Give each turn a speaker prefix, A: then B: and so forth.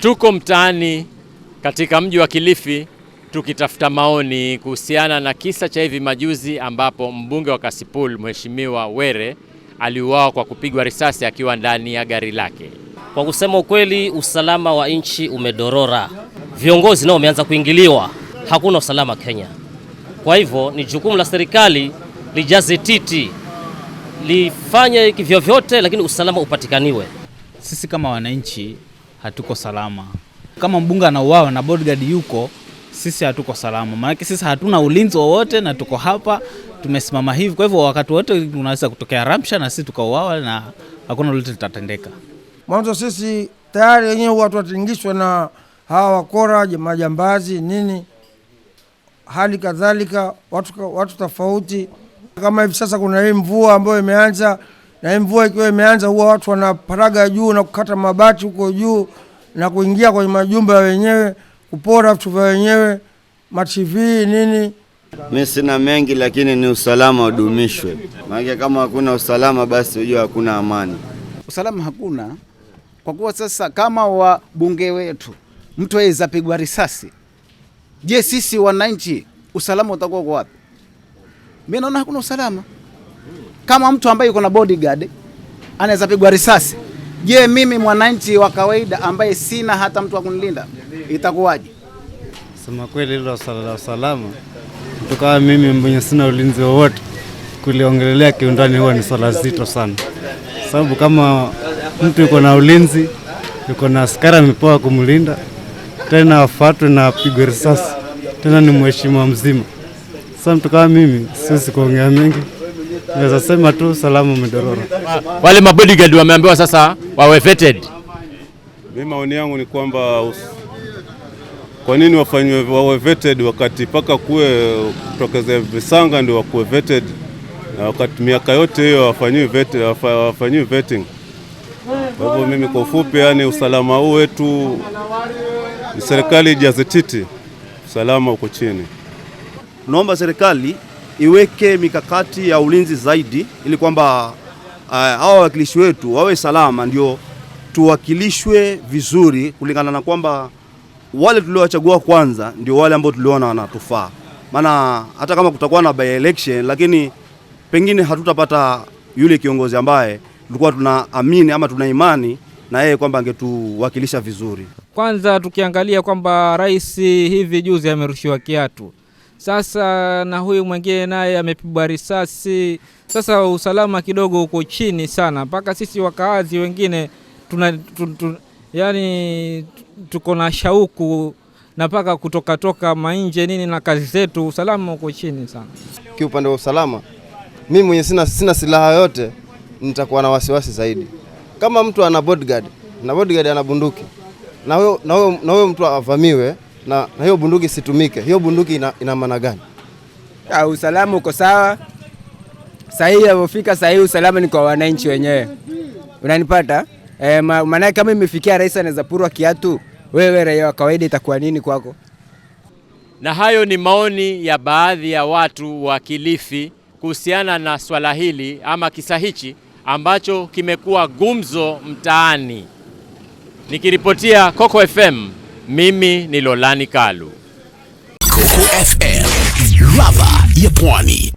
A: Tuko mtaani katika mji wa Kilifi tukitafuta maoni kuhusiana na kisa cha hivi majuzi ambapo mbunge wa Kasipul Mheshimiwa Were aliuawa kwa kupigwa risasi akiwa ndani ya gari lake.
B: Kwa kusema ukweli, usalama wa nchi umedorora, viongozi nao wameanza kuingiliwa, hakuna usalama Kenya. Kwa hivyo ni jukumu la serikali lijaze titi, lifanye kivyovyote, lakini usalama upatikaniwe.
C: Sisi kama wananchi hatuko salama. Kama mbunge anauawa na bodyguard yuko, sisi hatuko salama, maanake sisi hatuna ulinzi wowote na tuko hapa tumesimama hivi. Kwa hivyo wakati wote tunaweza kutokea ramsha na sisi tukauawa na hakuna lolote litatendeka.
D: Mwanzo sisi tayari wenyewe huwa tuatingishwa na hawa wakora, majambazi nini, hali kadhalika watu, watu tofauti. Kama hivi sasa kuna hii mvua ambayo imeanza na mvua ikiwa imeanza, huwa watu wanaparaga juu na kukata mabati huko juu na kuingia kwenye majumba ya wenyewe kupora vitu vya wenyewe, mativi nini.
E: Mi sina mengi, lakini ni usalama udumishwe, maana kama hakuna usalama, basi hujua hakuna amani.
B: Usalama hakuna kwa kuwa sasa, kama wabunge wetu mtu aweza pigwa risasi, je, sisi wananchi usalama utakuwa kwa wapi? Mi naona hakuna usalama. Kama mtu ambaye yuko na bodyguard anaweza pigwa risasi, je, mimi mwananchi wa kawaida ambaye sina hata mtu wa kunilinda itakuwaje?
F: Sema kweli, hilo swala la usalama, mtu kama mimi mwenye sina ulinzi wowote, kuliongelelea kiundani huwa ni swala zito sana, sababu kama mtu yuko na ulinzi, yuko na askari amepewa kumlinda, tena afatwe na apigwe risasi, tena ni mheshimiwa mzima. Sasa mtu kama mimi siwezi kuongea mengi. Naweza sema tu salamu medororo ah,
B: Wale mabodyguard wameambiwa sasa wawe vetted.
G: Mimi maoni yangu ni kwamba kwa nini wafanywe wawe vetted wakati mpaka kuwe kutokeze visanga ndio wakuwe vetted, na wakati miaka yote hiyo wafanyiwi vetting. Kwa hivyo mimi kwa ufupi, yani usalama huu wetu serikali ijazititi, usalama uko chini.
B: Naomba serikali iweke mikakati ya ulinzi zaidi ili kwamba uh, wawakilishi wetu wawe salama, ndio tuwakilishwe vizuri, kulingana na kwamba wale tuliowachagua kwanza ndio wale ambao tuliona wanatufaa. Maana hata kama kutakuwa na by election, lakini pengine hatutapata yule kiongozi ambaye tulikuwa tunaamini ama tuna imani na yeye kwamba angetuwakilisha vizuri.
H: Kwanza tukiangalia kwamba rais hivi juzi amerushiwa kiatu sasa na huyu mwingine naye amepigwa risasi. Sasa usalama kidogo uko chini sana, mpaka sisi wakaazi wengine tuna, tun, tun, yani tuko na shauku na mpaka kutoka toka mainje nini na kazi zetu, usalama uko chini sana.
I: upande wa usalama, mimi mwenye sina, sina silaha yote, nitakuwa na wasiwasi zaidi. Kama mtu ana bodyguard na bodyguard ana bunduki na huyo na huyo mtu avamiwe na, na hiyo bunduki situmike Hiyo bunduki ina, ina maana gani?
J: Usalama uko sawa sahii, alivyofika sahii usalama ni kwa wananchi wenyewe, unanipata e, maana kama imefikia rais anaweza purwa kiatu, wewe raia wa kawaida itakuwa nini kwako?
A: Na hayo ni maoni ya baadhi ya watu wa Kilifi kuhusiana na swala hili ama kisa hichi ambacho kimekuwa gumzo mtaani. Nikiripotia Coco FM. Mimi ni Lolani Kalu, Coco FM, ladha ya Pwani.